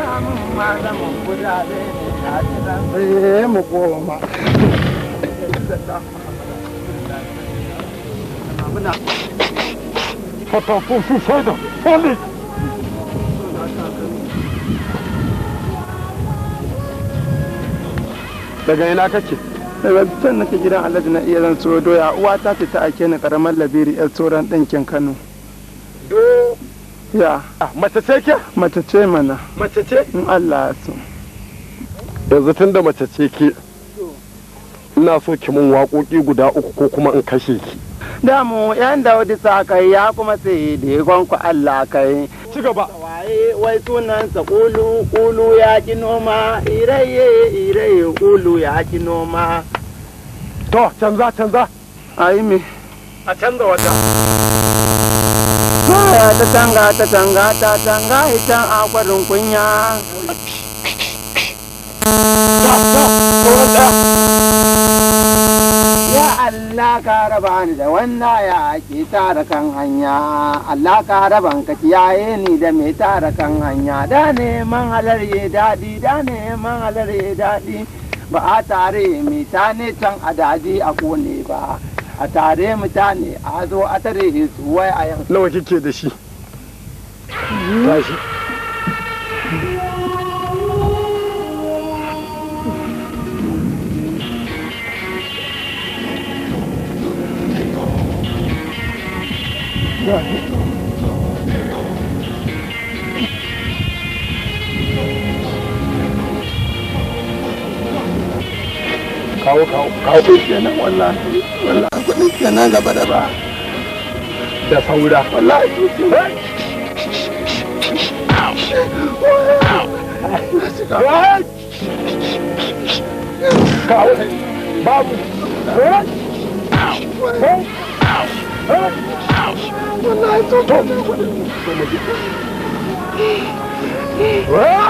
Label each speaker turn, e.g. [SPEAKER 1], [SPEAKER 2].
[SPEAKER 1] Eh mu goma. Daga ina kake? Daga can nake gidan Alhaji na iya zan so doya uwa ta ce ta ake ni karamar labiri 'yar tsoron ɗinkin Kano. ya ah, mace ce ke mace ce mana mace ce in Allah ya so yanzu tun da mace ce ke ina so ki mun waƙoƙi guda uku ko kuma in kashe ki da mu yan wadi sa kai ya kuma sai da ya Allah kai ci gaba waye wai sunansa kulu kulu ya ki noma iraye iraye kulu ya ki noma to canza canza Ayi me a canza wata ta tanga ta tanga ta tanga itan akwarin kunya ya Allah ka raba ni da wannan ya ake tara kan hanya Allah ka raban ka kiyaye ni da mai tara kan hanya da neman halar ya daɗi da neman halar ya daɗi ba a tare mai tane can a daji a kone ba a tare mutane a zo a tare su wai a yanzu nawa kike da shi Yeah. kawo kawo kawo kenan wallahi wallahi kuɗi kenan gaba da ba da saura wallahi kawo babu wallahi